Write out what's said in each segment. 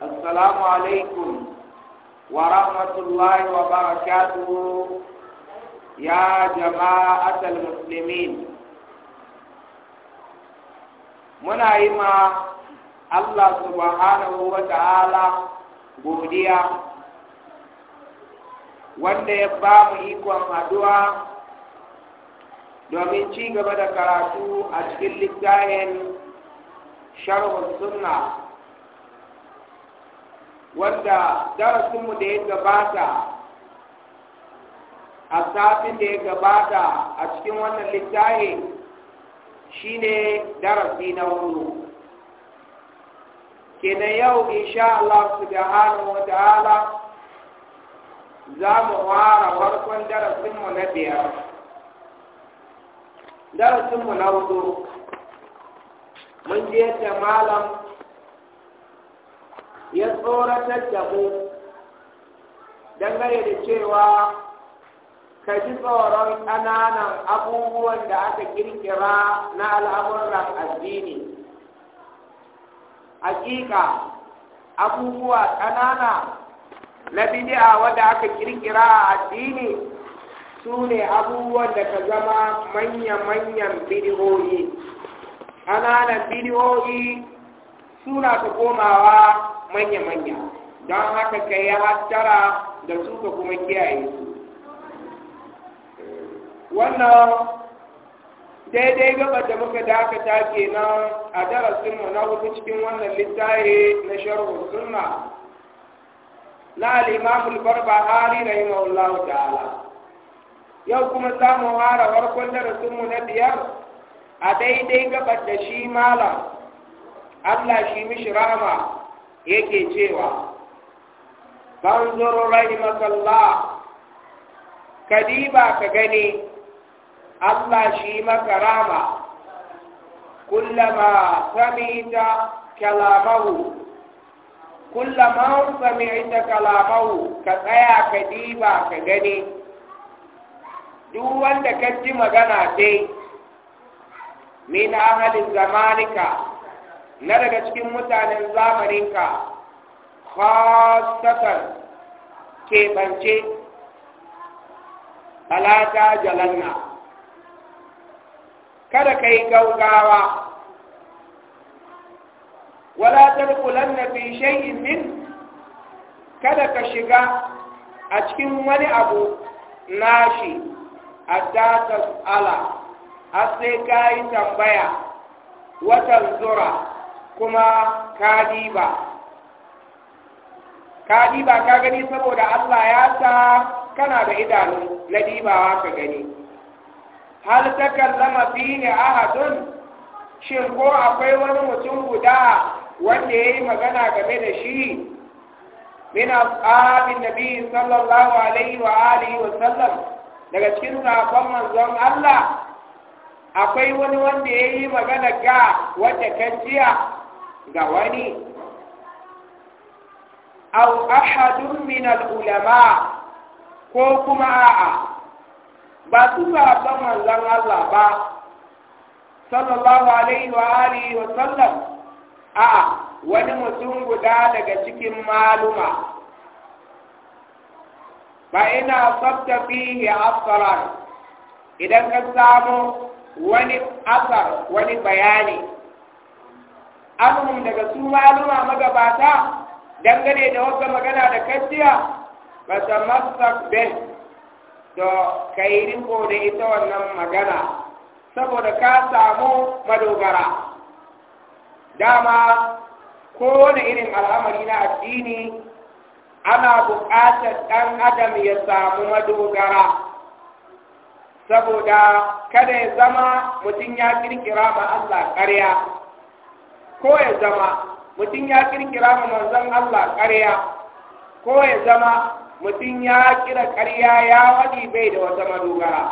wa عليكم ورحمة الله ya jama'a جماعة المسلمين muna yi ma Allah subhanahu wa ta'ala godiya wanda ya ba mu ikon haduwa domin ci gaba da karatu a cikin littafin sharhun sunna wanda darasinmu da ya gabata a safin da ya gabata a cikin wannan littafi shine darasi na ke kenan yau insha Allah hannu wata hala za mu fara farkon darasinmu na biyar darasinmu na hudu mun je ta malam ya tsoratar da mu dangane da cewa ka ji tsoron ƙananan abubuwan da aka kirkira na al'amuran addini hakika abubuwa ƙanana na bidi'a wadda aka kirkira a addini su ne abubuwan da ka zama manya-manyan bidiyoyi ƙananan bidiyoyi suna ta komawa manya-manya don haka ka yi hattara da su ka kuma kiyaye su wannan daidai gaba da muka dakata kenan a darasinmu na wuce cikin wannan littafi na sharhu sunna na al-imam al-barbahari rahimahullahu ta'ala yau kuma za mu fara farkon darasinmu na biyar a daidai gaba da shi malam Allah shi mishi rahama yake cewa banzuru rahimakallah kadiba ka gani Allah shi maka rama kullama samita kalamahu kullama samita kalamahu ka tsaya kadiba ka gani duk wanda ka ji magana dai min ahalin zamanika na daga cikin mutanen zamaninka khasatan keɓance alaka jalanna kada ka yi gaugawa wala tarkulanna fi shay'in min kada ka shiga a cikin wani abu nashi hatta ala har sai ka yi tambaya watan zura kuma ka diba ka diba ka gani saboda Allah ya sa kana da idanu na dibawa ka gani hal ta kallama fi ne ahadun shin ko akwai wani mutum guda wanda ya yi magana game da shi min ashabin nabi sallallahu alaihi wa alihi wa sallam daga cikin sahabban manzon Allah akwai wani wanda ya yi magana ga wanda kan jiya ga wani aw ahadun min ulama ko kuma a'a ba su sahabban manzon Allah ba sallallahu alaihi wa alihi wa sallam a'a wani mutum guda daga cikin maluma Ba ina sabta fihi asaran idan ka samu wani asar wani bayani amurin daga su maluma magabata dangane da wata magana da kaciya ba ta masak ben to ka yi riko da ita wannan magana saboda ka samu madogara dama kowane irin al'amari na addini ana buƙatar ɗan adam ya samu madogara saboda kada ya zama mutum ya kirkira ma Allah ƙarya ko ya zama mutum ya kirkira ma manzon Allah ƙarya ko ya zama mutum ya kira ƙarya ya waɗi bai da wata madogara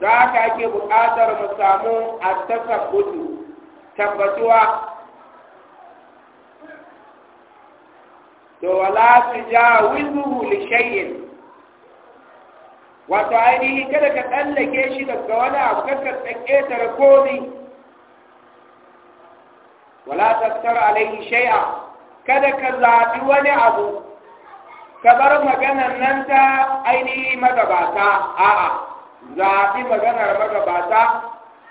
Za ka ake buƙatar mu samu a tasabbutu tabbatuwa to wala tujawizuhu li shay'in wato ainihi kada ka tsallake shi daga wani abu kakka tsaketare komi wala tattar alaihi shay'a kada ka zaɓi wani abu ka bar maganar nan ta ainihi magabata a'a zaɓi maganar magabata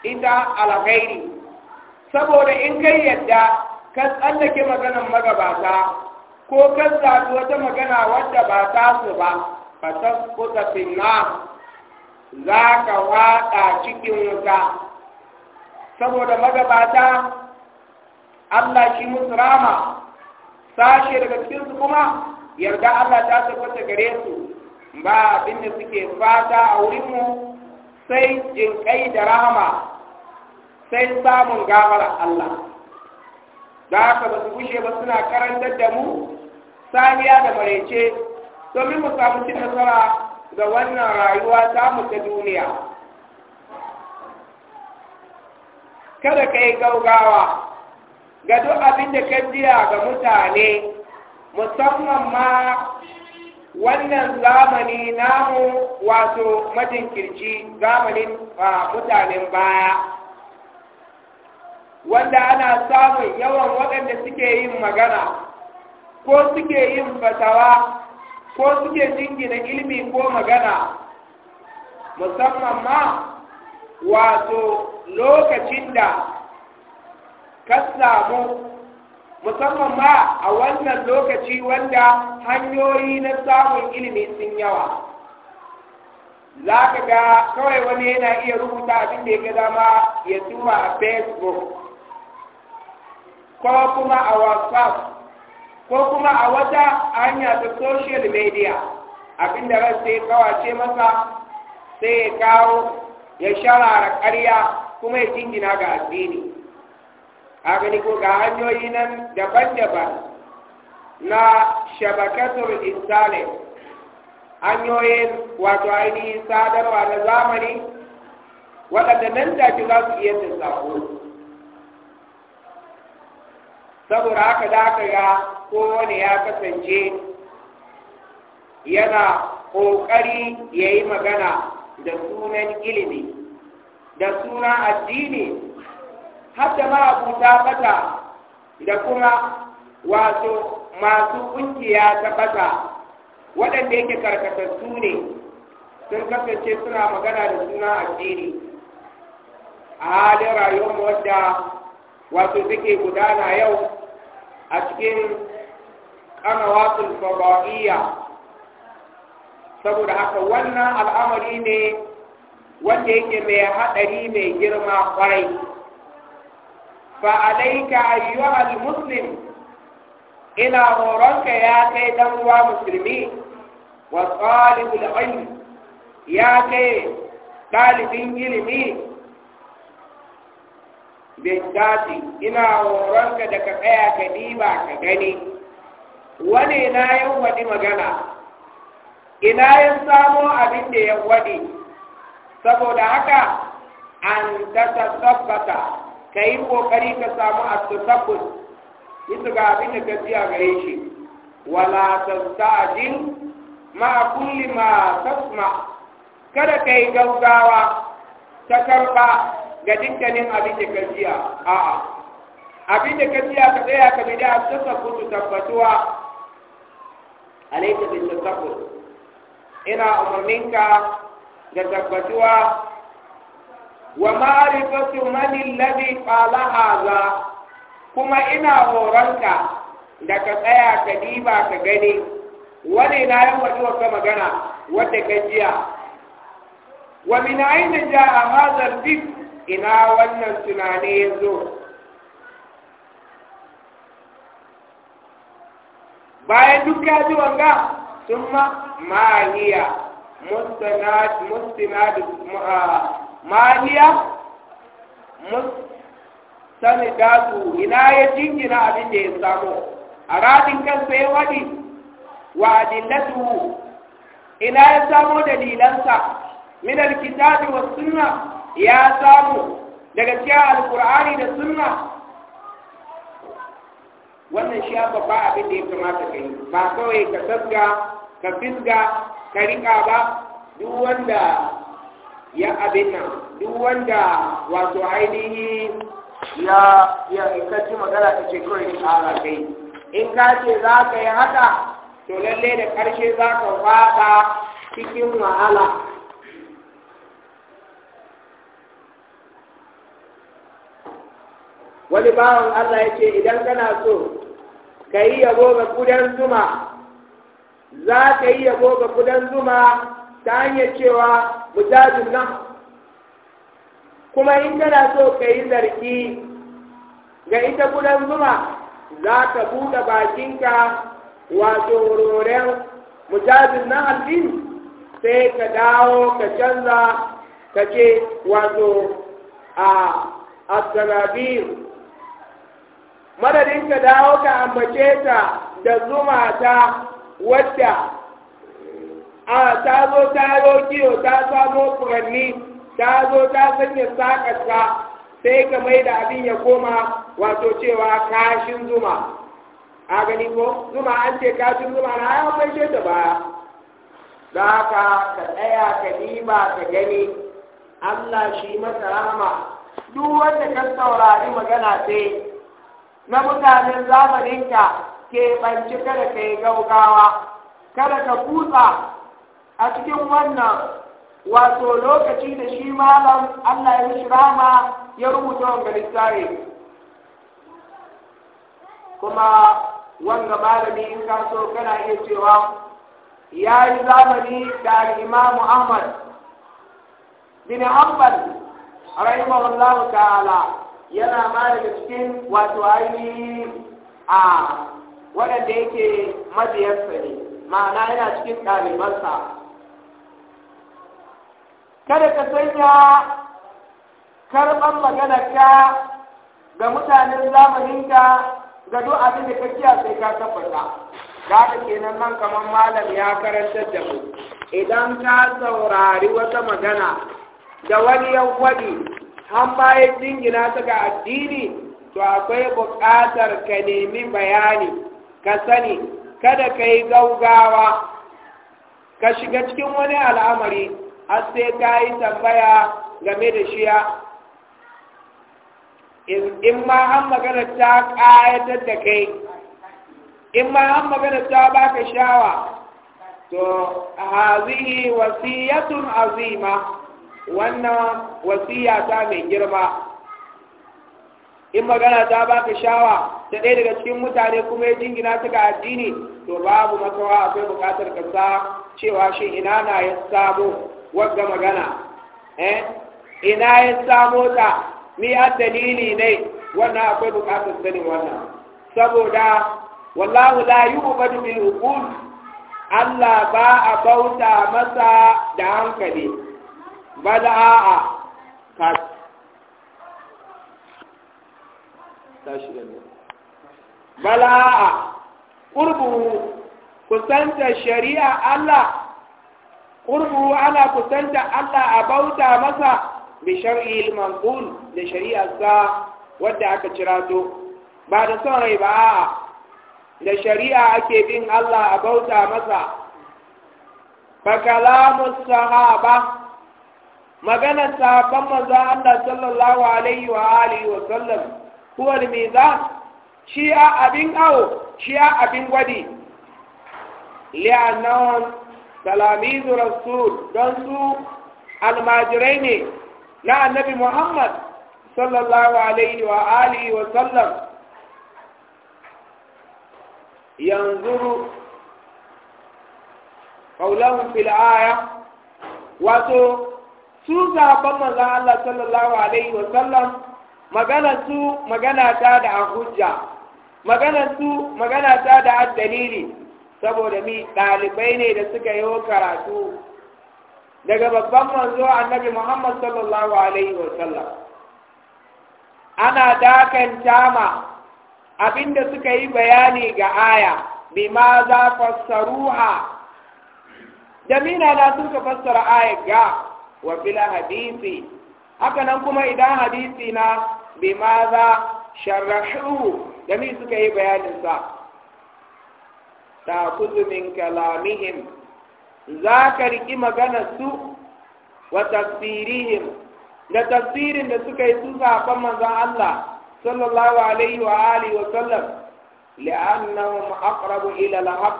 ita alkhairi saboda in kai yadda ka tsallake maganar magabata ko ka zaɓi wata magana wadda ba ta su ba ba ta kusa finna za ka waɗa cikin wuta saboda magabata Allah shi musu rama sashe daga cikin su kuma yarda Allah ta tabbata gare su ba abin da suke fata a wurinmu, mu sai jinkai da rahama sai samun gafara Allah da haka ba su gushe ba suna karantar da mu saniya da marece domin mu samu cin nasara ga wannan rayuwa ta mu ta duniya kada ka yi gaugawa ga duk abin da ka jiya ga mutane musamman ma wannan zamani namu wato majinkirci zamanin mutanen baya wanda ana samun yawan waɗanda suke yin magana ko suke yin fatawa ko suke jingina ilimi ko magana musamman ma wato lokacin da ka samu musamman ma a wannan lokaci wanda hanyoyi na samun ilimi sun yawa za ka ga kawai wani yana iya rubuta abin da ya ga dama ya tuma a facebook ko kuma a whatsapp ko kuma a wata hanya ta social media abin da ran sai kawace masa sai ya kawo ya sharara karya kuma ya jingina ga addini agani ko ga hanyoyi nan daban-daban na shabakatul insani hanyoyin wato ainihin sadarwa na zamani waɗanda nan take za su iya ta saboda haka da aka ga kowane ya kasance yana ƙoƙari ya yi magana da sunan ilimi da sunan addini ma da ta bata da kuma wato masu kungiya ta bata waɗanda yake karkatattu ne sun kasance suna magana da suna addini a halin rayuwar wadda wato suke gudana yau a cikin kanawatul fada'iyya saboda haka wannan al'amari ne wanda yake mai haɗari mai girma kwarai فعليك أيها المسلم إلى غورك يا كي دموا مسلمين وطالب العلم يا كي طالب علمي biddati ina horonka da ka tsaya ka diba ka gani wane na ya waɗi magana ina yin samo abin da ya waɗi saboda haka an ta tabbata ka yi ƙoƙari ka samu at-tasaffus bisa ga abin da ka biya gare shi wala tastajil ma kulli ma tasma kada ka yi gaugawa ta karɓa ga dukkanin abin da ka a a'a abin da ka ka tsaya ka bi da at-tasaffus tabbatuwa alaika bi ina umarninka da tabbatuwa ومعرفة من الذي قال هذا كما ina هورنك da ka tsaya ka diba ka gani wani na yi wata wata magana wadda ka jiya wa min aina a hazar dik ina wannan tunani ya zo bayan duk ya ji wanga sun ma mahiya ah, da mustanidatu ina ya jingina abin da ya samu a radin kansa ya wadi wa adillatu ina ya samu dalilansa min alkitabi wa sunna ya samu daga cikin alqur'ani da sunna wannan shi ba abin da ya kamata ka yi ba kawai ka sasga ka fisga ka riƙa ba duk wanda ya abin duk wanda wato ainihi ya ya kace magana ta ce kawai ni kai in ka ce za ka yi haka to lalle da ƙarshe za ka fada cikin wahala wani bawan Allah ya ce idan kana so ka yi yabo ga kudan zuma za ka yi yabo ga kudan zuma ta hanyar cewa mutajin nan kuma in tana so ka yi zargi ga ita gudan zuma za ka buɗe bakinka wato roren mujazin na addini sai ka dawo ka canza ka ce wato a abdurabir madadin ka dawo ka ambace ta da zuma ta wadda A'a, ta zo ta ta samo furanni ta zo ta sanya sakarsa sai ka mai da abin ya koma wato cewa kashin zuma a gani ko zuma an ce kashin zuma na ya mai ta baya za ka ka tsaya ka ɗiba ka gani Allah shi masa rahama duk wanda ka saurari magana sai na mutanen zamaninka ke banci kada ka yi gaugawa kada ka kutsa a cikin wannan wato lokaci da shi malam Allah ya mishi rama ya rubuta wanga littafi kuma wanga malami in ka so kana iya cewa ya yi zamani da imamu Ahmad bin Hanbal rahimahullahu ta'ala yana ma daga cikin wato ainihin a waɗanda yake majiyarsa ne ma'ana yana cikin ɗalibansa kada ka sanya karɓar maganarka ga mutanen zamaninka ga duk abin da ka kiya sai ka tabbata da kenan nan kamar malam ya karantar da mu idan ka saurari wata magana da wani ya an bayan jingina ta ga addini to akwai buƙatar ka nemi bayani ka sani kada ka yi gaugawa ka shiga cikin wani al'amari har sai ka yi tambaya game da shiya in ma an magana ta ƙayatar da kai in ma an magana ta baka shawa to hazihi wasiyatun azima wannan wasiya ta mai girma in magana ta baka shawa ta ɗaya daga cikin mutane kuma ya jingina ta ga addini to babu makawa akwai bukatar ka cewa shi ina na ya sabo wagga magana eh ina ya samu ta ni a dalili ne wannan akwai bukatar sanin wannan saboda wallahu la yu'badu bil uqul Allah ba a bauta masa da hankali ba da a'a ka tashi ne bala a ƙurbu kusanta shari'a Allah qurbu ana kusanta Allah a bauta masa bi shar'il manqul da shari'ar sa wadda aka cirato ba da son rai ba da shari'a ake bin Allah a bauta masa fa kalamus sahaba maganar sahabban maza Allah sallallahu alaihi wa alihi wa sallam huwa al za? shi a abin awo shi a abin gwadi li'annahum talamizu rasu don su almajirai ne na annabi muhammad sallallahu alaihi wa wa sallam yanzuru qawlan fil aya wato su zaɓen manzan Allah sallallahu alaihi wa sallam magana magana ta da hujja magana magana ta da dalili saboda mi ɗalibai ne da suka yi karatu daga babban manzo annabi Muhammad sallallahu alaihi wa sallam ana dakan ma abinda suka yi bayani ga aya bima za fassaruha da mina na suka fassara aya ga wa fila hadisi haka nan kuma idan hadisi na bima za sharrahu da mi suka yi bayanin sa ta'khudhu min kalamihim za ka riki maganar su wa tafsirihim da tafsirin da suka yi su zaɓen manzon Allah sallallahu alaihi wa alihi wa sallam li'annahum aqrabu ila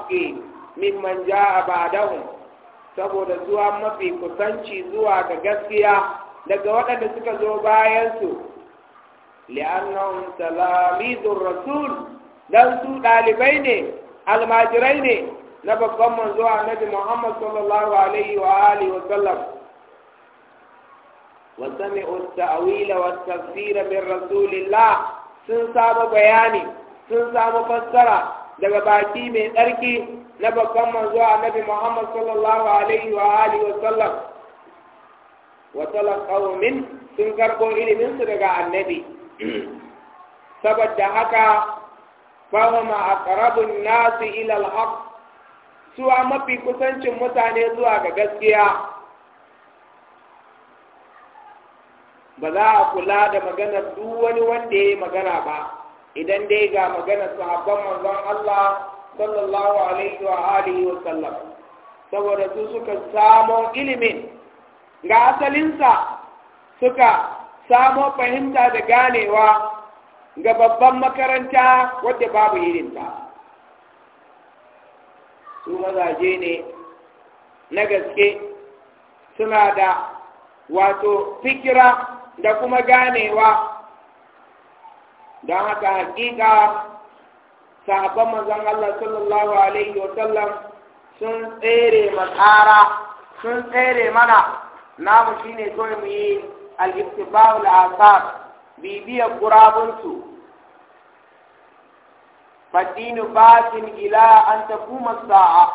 saboda zuwa mafi kusanci zuwa ga gaskiya daga waɗanda suka zo bayansu. su li'annahum rasul dan su ɗalibai ne almajirai ne na babban manzo annabi Muhammad sallallahu alaihi wa alihi wa sallam wa sami'u at-ta'wil wa at-tafsir min rasulillah sun samu bayani sun samu fassara daga baki mai tsarki na babban manzo annabi Muhammad sallallahu alaihi wa alihi wa sallam wa talaqaw min sun karbo ilimin su daga annabi saboda haka Bawa ma a karabin nasu ilal haƙƙ su mafi kusancin mutane zuwa ga gaskiya. Ba za a kula da maganar duk wani wanda ya yi magana ba, idan dai ga maganar su a gama Allah Sallallahu alaihi wa'ihi wa sallam, saboda su suka samun ilimin ga asalinsa, suka samun fahimta da ganewa. ga babban makaranta wadda babu irin ta su mazaje ne na gaske suna da wato fikira da kuma ganewa don haka hakika sahabban mazan Allah sallallahu alaihi wa sallam sun tsere matsara sun tsere mana namu shine kawai mu yi al asar bibiyar ƙurabunsu ba bakin ila an ta kuma sa'a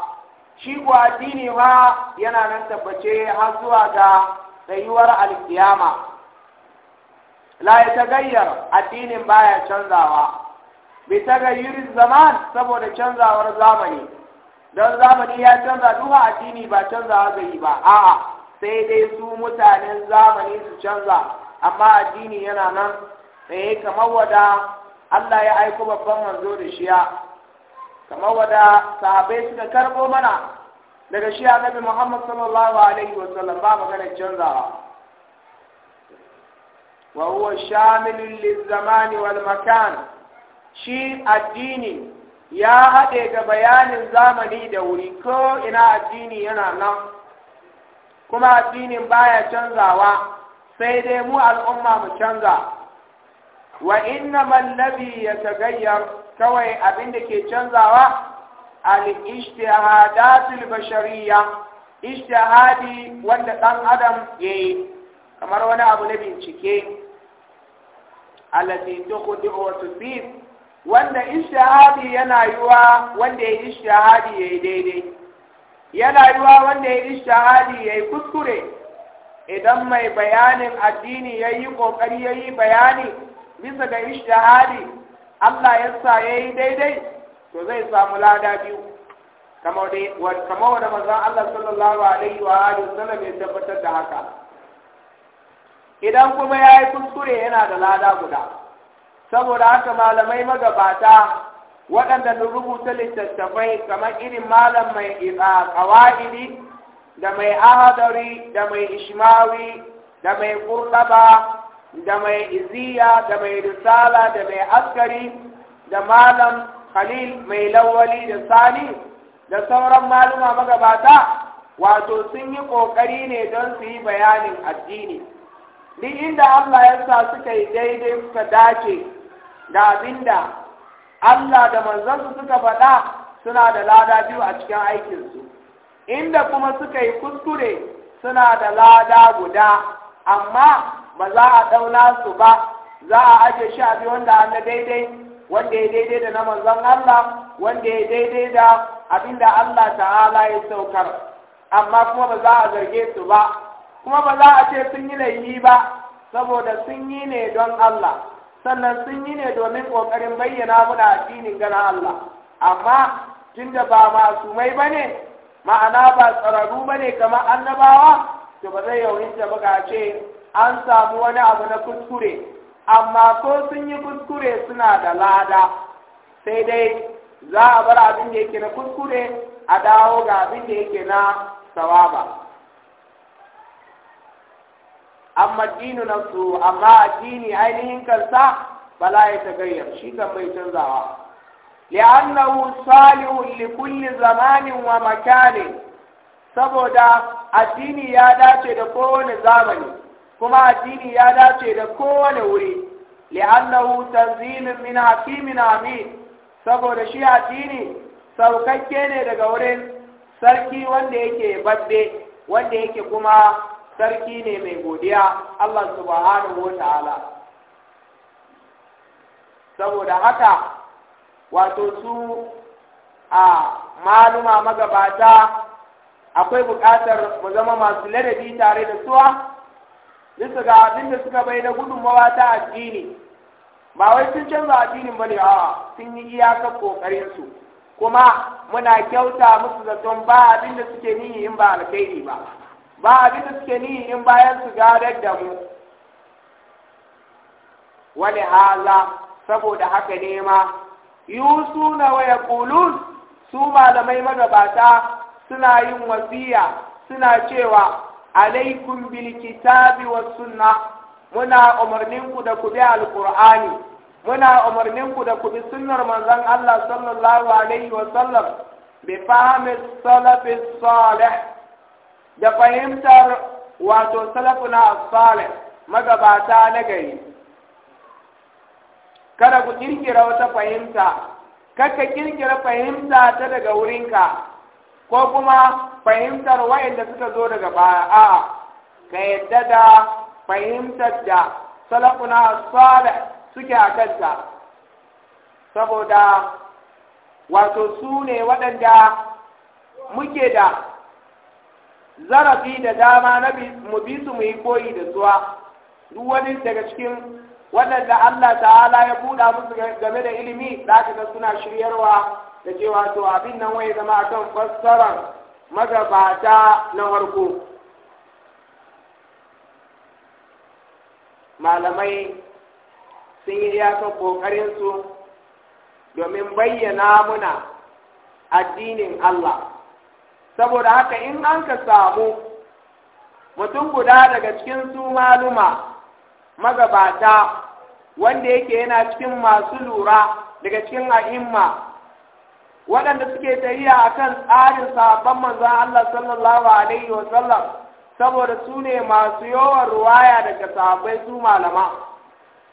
shi ko addini ma yana nan tabbace har zuwa ga tsayuwar alkiyama la ya tagayyar addinin baya canzawa bai tagayyar zaman saboda canzawar zamani don zamani ya canza duka addini ba canzawa gari ba a'a sai dai su mutanen zamani su canza amma addini yana nan tsaye kamar wada Allah ya aiko babban manzo da shiya kamar wada sahabai suka karbo mana daga shi nabi Muhammad sallallahu alaihi wa sallam ba magana canzawa wa huwa shamilun lizamani wal makan shi addini ya haɗe ga bayanin zamani da wuri ko ina addini yana nan kuma addinin baya canzawa sai dai mu al'umma mu canza wa inna mallabi ya tagayyar kawai abin da ke canzawa al-ijtihadatul bashariyya ijtihadi wanda ɗan adam ya yi. kamar wani abu na bincike allati tukhdi'u wa tusib wanda ijtihadi yana yiwa wanda ya yayi ya yi daidai yana yiwa wanda ya yayi ya yi kuskure idan mai bayanin addini ya yi ƙoƙari ya yi bayani bisa ga hali Allah ya sa ya yi daidai to zai samu lada biyu kamar da mazan Allah sallallahu alaihi wa alihi sallam ya tabbatar da haka idan kuma ya yi kuskure yana da lada guda saboda haka malamai magabata waɗanda rubuta littattafai kamar irin malam mai ƙawa'idi da mai ahadari da mai ishmawi da mai kurlaba da mai iziya da mai risala da mai askari da malam khalil mai lawali da sani da sauran maluma magabata wato sun yi ƙoƙari ne don su yi bayanin addini duk inda Allah ya sa suka yi daidai suka dace da abinda Allah da manzansu suka faɗa suna da lada biyu a cikin aikinsu inda kuma suka yi kuskure suna da lada guda amma ba za a ɗauna su ba za a shi a biyu wanda an daidai wanda ya daidai da na manzon Allah wanda ya daidai da abinda Allah ta'ala ya saukar amma kuma ba za a zarge su ba kuma ba za a ce sun yi laifi ba saboda sun yi ne don Allah sannan sun yi ne domin ƙoƙarin bayyana muna addinin gana Allah amma tunda ba masu mai bane ma'ana ba tsararru ba ne kamar annabawa to ba zai yawinta ba ga ce an samu wani abu na kuskure amma ko sun yi kuskure suna da lada sai dai za a bar abin da yake na kuskure a dawo ga abin da yake na sawaba amma dinu su amma addini ainihin kansa bala ya gayyar shi kan bai canzawa li'annahu salihun li kulli zamanin wa makanin saboda addini ya dace da kowane zamani kuma addini ya dace da kowane wuri li'annahu tanzilun min hakimin amin saboda shi addini saukakke ne daga wurin sarki wanda yake babbe wanda yake kuma sarki ne mai godiya Allah subhanahu wa ta'ala saboda haka wato su a maluma magabata akwai buƙatar mu zama masu ladabi tare da suwa bisa ga abin da suka bai na gudunmawa ta addini ba wai sun canza addinin ba ne a sun yi iyakar ƙoƙarinsu kuma muna kyauta musu zaton ba abin da suke nihi in ba alkhairi ba ba abin da suke nihi in bayan su gadar da mu wani haza saboda haka ne ma yusuna wa yaqulun su malamai magabata suna yin wasiya suna cewa alaikum bil kitabi was sunna muna umarnin ku da ku bi alqur'ani muna umarnin ku da ku bi sunnar manzon Allah sallallahu alaihi wa sallam bi fahmi salaf salih da fahimtar wato salafuna as-salih magabata na gari kada ku kirkira wata fahimta kaka kirkira fahimta ta daga wurinka ko kuma fahimtar wa'inda suka zo daga baya a ka yadda da fahimtar da salafuna salih suke a kanta saboda wato su ne waɗanda muke da zarafi da dama na mu bi su mu yi koyi da zuwa duk wani daga cikin waɗanda Allah ta'ala ya buɗa musu game da ilimi za ka ga suna shiryarwa da cewa to abin nan wai zama akan fassarar magabata na farko malamai sun yi iyakar ƙoƙarinsu domin bayyana muna addinin Allah saboda haka in an ka samu mutum guda daga cikin su maluma magabata wanda yake yana cikin masu lura daga cikin a'imma waɗanda suke a kan tsarin sahabban manzon Allah sallallahu alaihi wa sallam saboda su ne masu yawan ruwaya daga sahabbai su malama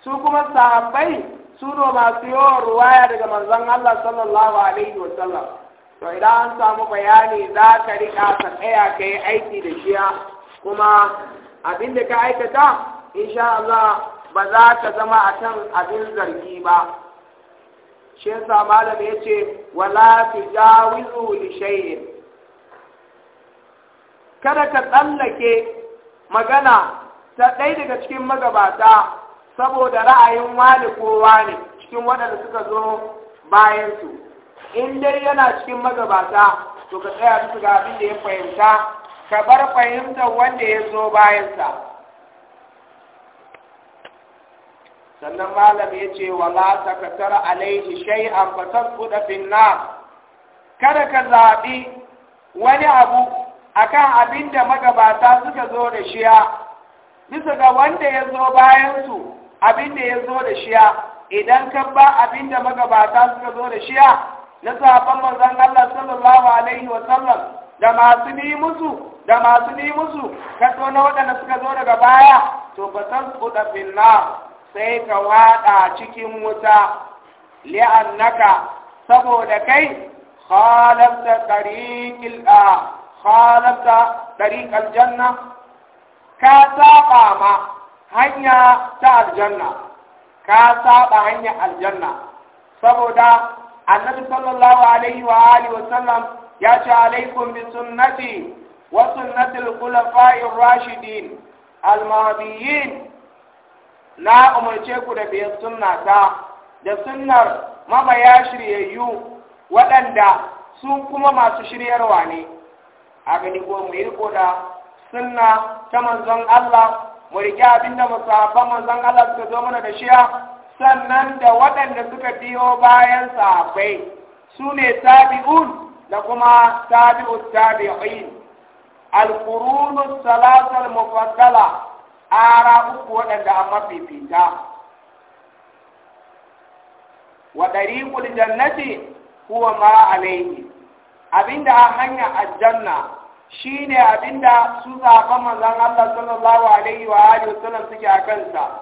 su kuma sahabbai su ne masu yawan ruwaya daga manzon Allah sallallahu alaihi wa sallam to idan an samu bayani za ka riƙa ka tsaya ka yi aiki da shiya kuma abin da ka aikata insha Allah ba za ta zama a kan abin zargi ba shi yasa malam ya ce wala jawizu li shay'in kada ka tsallake magana ta ɗaya daga cikin magabata saboda ra'ayin wani kowa ne cikin waɗanda suka zo bayansu in dai yana cikin magabata to ka tsaya bisa ga abin da ya fahimta ka bar fahimtar wanda ya zo bayansa sannan malam ya ce wa ta takatara alaihi shay'an fa tasquda fin nar kada ka zaɓi wani abu akan abinda magabata suka zo da shiya bisa ga wanda ya zo bayan su abinda ya zo da shiya idan ka ba abinda magabata suka zo da shiya na sahabban manzon Allah sallallahu alaihi wa sallam da masu ni musu da masu ni musu ka na waɗanda suka zo daga baya to ba san kuɗa finna sai ka wada cikin wuta li'annaka saboda kai khalafta tariqil a khalafta tariqal janna ka saba ma hanya ta aljanna ka saba hanya aljanna saboda annabi sallallahu alaihi wa alihi wa sallam ya ce alaikum bi sunnati wa sunnati al rashidin al-mahdiyyin na umarce ku da biyar sunna ta da sunnar mabaya shiryayyu waɗanda su kuma masu shiryarwa ne a gani ko mu yi da sunna ta manzon Allah mu riƙe abinda musafa manzon Allah suka zo mana da shiya sannan da waɗanda suka biyo bayan sahabbai su ne tabi'un da kuma tabi'ut tabi'in al-qurunus salatul mufaddala ara uku waɗanda an mafifita wa ɗariƙul jannati huwa ma alaihi abinda a hanya aljanna shine abinda su zaɓa manzan Allah sallallahu alaihi wa alihi wasallam suke a kansa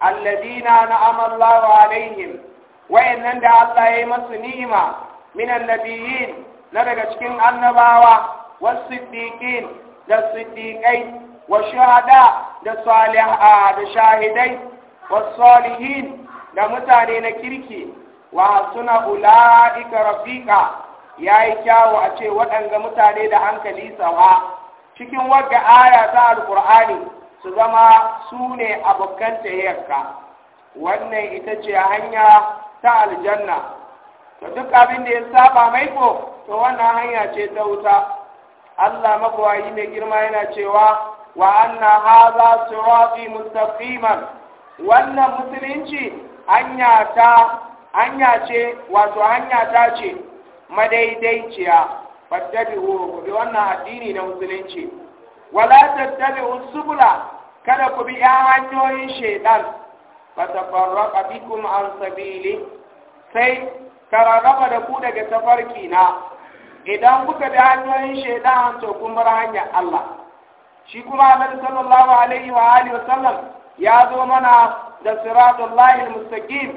alladina na'ama Allahu alaihim wayannan da Allah ya yi masu ni'ima minan nabiyyin na daga cikin annabawa wasu da siddiqai wa shuhada da saliha da shahidai wa salihin da mutane na kirki wa suna ula'ika rafiqa yayi kyawu a ce mutane da hankali cikin wagga aya ta alqur'ani su zama sune ne abokan tayyarka wannan ita ce hanya ta aljanna to duk abin da ya saba mai ko to wannan hanya ce ta wuta Allah magwayi mai girma yana cewa wa anna hadha sirati mustaqiman wannan musulunci ce wato hanya ta ce madaidaiciya fattabi'u ku bi wannan addini da musulunci wala tattabi'u subula kada ku bi 'yan hanyoyin shaidan fatafarraqa bikum an sabili sai kararraba da ku daga tafarki na idan kuka bi hanyoyin shaidan to kun bar hanyar Allah shi kuma annabi sallallahu alaihi wa alihi wasallam ya zo mana da siratul lahil mustaqim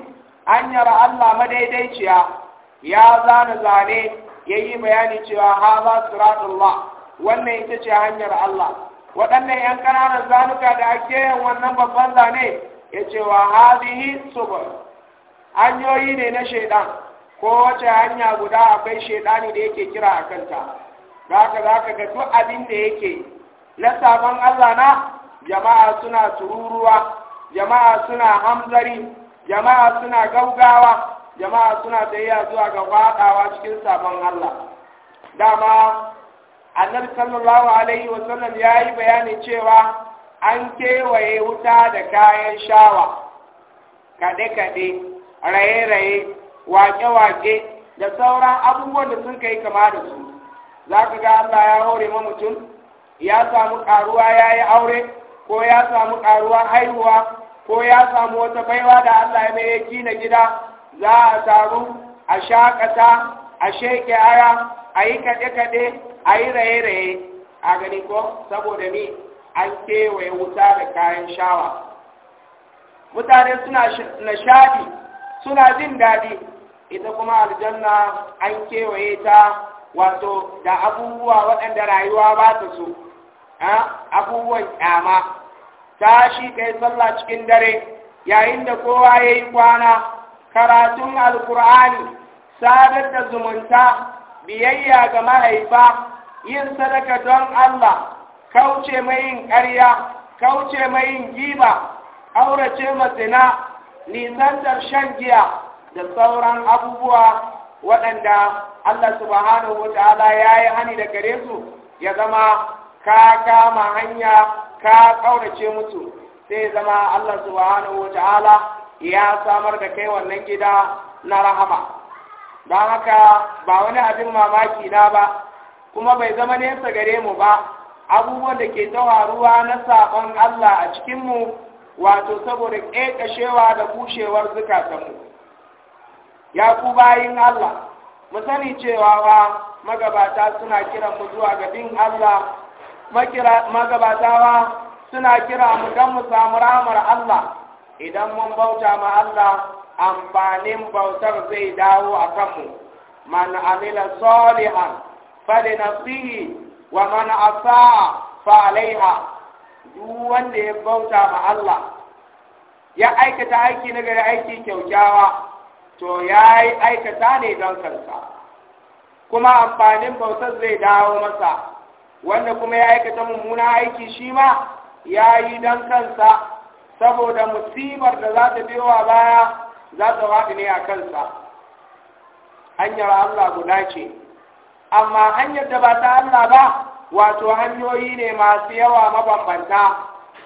hanyar Allah madaidaiciya ya zana zane yayi bayani cewa haza siratul lah wannan ita ce hanyar Allah waɗannan yan ƙananan zanuka da ake yin wannan babban zane ya ce wa hadihi subul hanyoyi ne na shaidan ko wace hanya guda akwai shaidani da yake kira a kanta za ka za ka ga duk abin da yake na sabon Allah na jama'a suna tururuwa jama'a suna hamzari jama'a suna gaugawa jama'a suna tayya zuwa ga cikin sabon Allah dama annabi sallallahu alaihi wa sallam yayi bayani cewa an kewaye wuta da kayan shawa kade-kade raye-raye wake-wake da sauran abubuwan da sun kai kama da su za ka ga Allah ya hore ma mutum ya samu karuwa ya yi aure ko ya samu karuwa haihuwa ko ya samu wata baiwa da Allah ya mai ya gina gida za a taru a shakata a sheke ara a yi kaɗe-kaɗe a yi raye-raye a gani ko saboda ni an kewaye wuta da kayan shawa mutane suna nishadi suna jin daɗi ita kuma aljanna an kewaye ta wato da abubuwa waɗanda rayuwa ba ta so abubuwan yama tashi kai sallah cikin dare yayin da kowa ya yi kwana karatun alkur'ani sadar da zumunta biyayya ga mahaifa yin sadaka don Allah kauce mai yin ƙarya kauce mai yin giba aurace mazina nisantar shan giya da sauran abubuwa waɗanda Allah subhanahu wa ta'ala ya yi hani da gare su ya zama ka kama hanya ka kaurace mutu sai zama Allah subhanahu wa ta'ala ya samar da kai wannan gida na rahama Ba haka ba wani abin mamaki na ba kuma bai zama nesa gare mu ba abubuwan da ke ruwa na saɓan Allah a cikinmu wato saboda ƙeƙashewa da bushewar zukatanmu ya ku bayin Allah mu sani cewa ba magabata suna kiran mu zuwa ga bin Allah magabatawa suna kira mu dan mu samu ramar Allah idan mun bauta ma Allah amfanin bautar zai dawo a kanmu man amila salihan fali wa man asaa fa alaiha duk wanda ya bauta ma Allah ya aikata aiki na gari aiki kyaukyawa to ya yi aikata ne don kansa kuma amfanin bautar zai dawo masa wanda kuma ya aikata mummuna aiki shi ma ya yi don kansa saboda musibar da za ta biyowa baya za ta waɗi ne a kansa hanyar Allah guda ce amma hanyar da ba ta Allah ba wato hanyoyi ne masu yawa mabambanta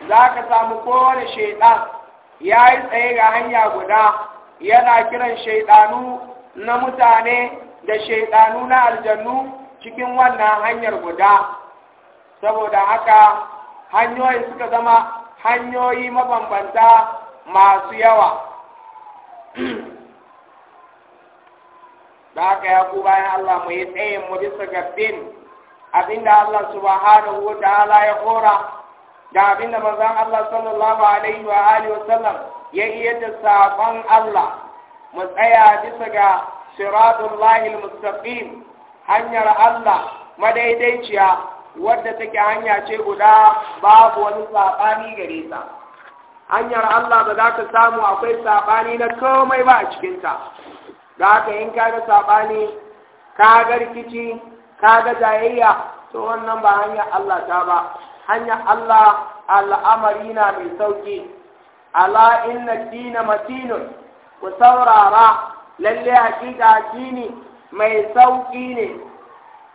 za ka samu kowane shaida? ya yi tsaye ga hanya guda yana kiran shaidanu na mutane da shaidanu na aljannu cikin wannan hanyar guda saboda haka hanyoyi suka zama hanyoyi mabambanta masu yawa da haka ya ku bayan Allah mu yi tsayin mu bisa gabbin abinda Allah subhanahu wa ta'ala ya kora da abinda manzon Allah sallallahu alaihi wa alihi wa sallam ya iya da sabon Allah mu tsaya bisa ga siratul lahil mustaqim hanyar Allah madaidaiciya wadda take hanya ce guda babu wani saɓani gare ta hanyar Allah ba za ka samu akwai saɓani na komai ba a cikinta za ka yin kaga saɓani ka ga rikici ka ga jayayya to wannan ba hanyar Allah ta ba hanyar Allah al'amari na mai sauki ala inna dina matinun ku saurara lalle hakika dini mai sauki ne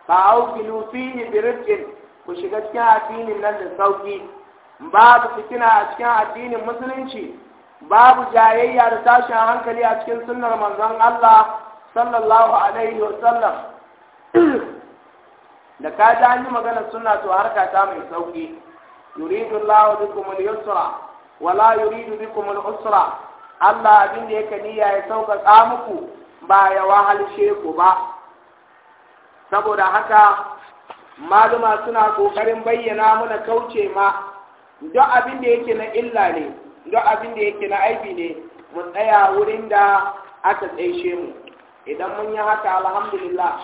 fa aukilu fihi bi ku shiga cikin addinin nan da sauki babu fitina a cikin addinin musulunci babu jayayya da tashin hankali a cikin sunnar manzon Allah sallallahu alaihi wa da ka ji an yi magana sunna to harka ta mai sauki yuridu Allah bikum al-yusra wala yuridu bikum al-usra Allah abin da yake niyya ya sauka muku ba ya wahalshe ku ba saboda haka maluma suna ƙoƙarin bayyana mana kauce ma duk abin da yake na illa ne duk abin da yake na aibi ne mu tsaya wurin da aka tsaishe mu idan mun yi haka alhamdulillah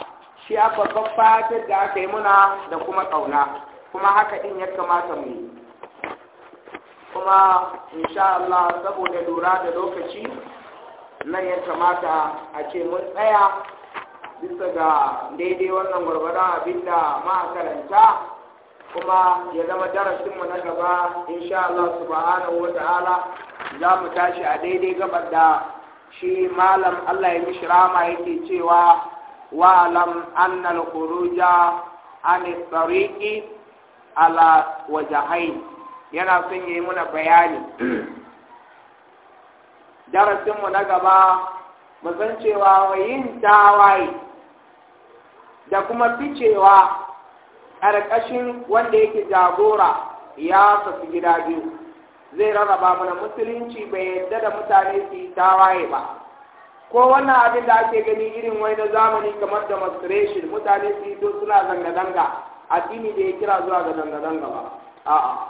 shi a babban fatar da aka yi muna da kuma ƙauna kuma haka in ya kamata mu yi kuma insha Allah saboda lura da lokaci nan ya kamata a ce mun tsaya bisa ga daidai wannan gwarbara abin da makaranta kuma ya zama darasinmu na gaba insha Allah subhanahu wa ta'ala za mu tashi a daidai gabar da shi malam Allah ya mishi rama yake cewa wa alam annal khuruja an tariqi ala wajahain yana son yi muna bayani darasinmu na gaba mu san cewa wayin tawaye da kuma ficewa ƙarƙashin wanda yake jagora ya tafi gida biyu zai rarraba mana musulunci bai yadda da mutane su yi tawaye ba ko wannan abin da ake gani irin wai na zamani kamar demonstration mutane su yi to suna zanga-zanga a addini da ya kira zuwa ga zanga-zanga ba a'a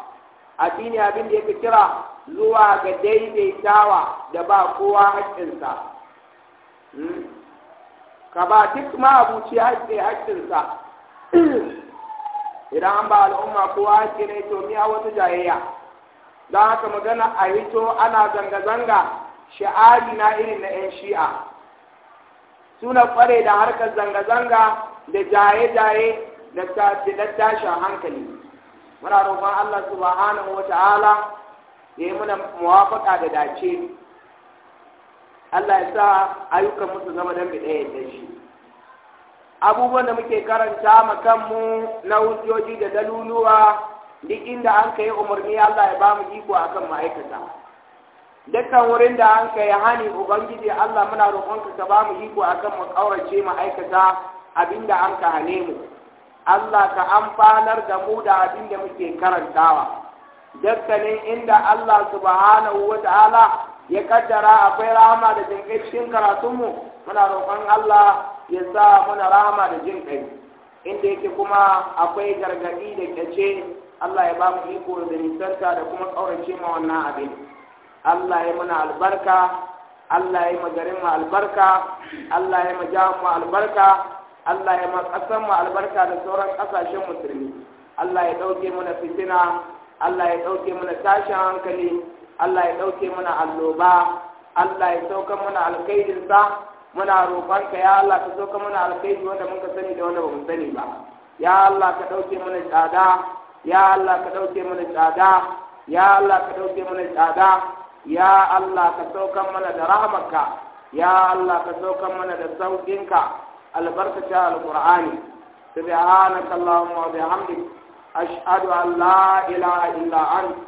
a addini abin da yake kira zuwa ga daidaitawa da ba kowa haƙƙinsa hmm? ka ba duk ma abuci haƙƙe haƙƙinsa idan an ba al'umma kowa haƙƙi ne to miya wata jayayya don haka magana a hito ana zanga-zanga sha'ari na irin na 'yan shi'a suna kware da harkar zanga-zanga da jaye-jaye da tashin hankali muna roƙon Allah subhanahu wa ta'ala ya yi muna muwafaka da dace Allah ya sa ayyukan musu zama dan bi ɗaya da shi abubuwan da muke karanta ma kanmu na hujjoji da daluluwa duk inda an kai umarni Allah ya ba mu iko akan ma'aikata dukkan wurin da an kai hani ubangiji Allah muna roƙonka ka ba mu iko akan mu ma'aikata abinda an ka hane mu Allah ka amfanar da mu da abinda muke karantawa. Dukkanin inda Allah subhanahu wa ta'ala ya kaddara akwai rahama da jin kai cikin karatunmu muna roƙon Allah ya sa muna rahama da jin kai inda yake kuma akwai gargaɗi da kyace Allah ya ba mu iko da nisanta da kuma ƙaurace ma wannan abin Allah ya muna albarka Allah ya magarin mu albarka Allah ya majamu mu albarka Allah ya makasan mu albarka da sauran ƙasashen musulmi Allah ya ɗauke mana fitina Allah ya ɗauke mana tashin hankali Allah ya ɗauke muna alloba Allah ya sauka muna alkhairinsa muna roƙonka ya Allah ka sauka muna alkhairi wanda mun ka sani da wanda ba mu sani ba ya Allah ka ɗauke muna tsada ya Allah ka ɗauke muna tsada ya Allah ka ɗauke muna tsada ya Allah ka sauka mana da rahmarka ya Allah ka sauka mana da sauƙinka albarkacin alƙur'ani subhanaka allahumma wa bihamdik ashhadu an la ilaha illa anta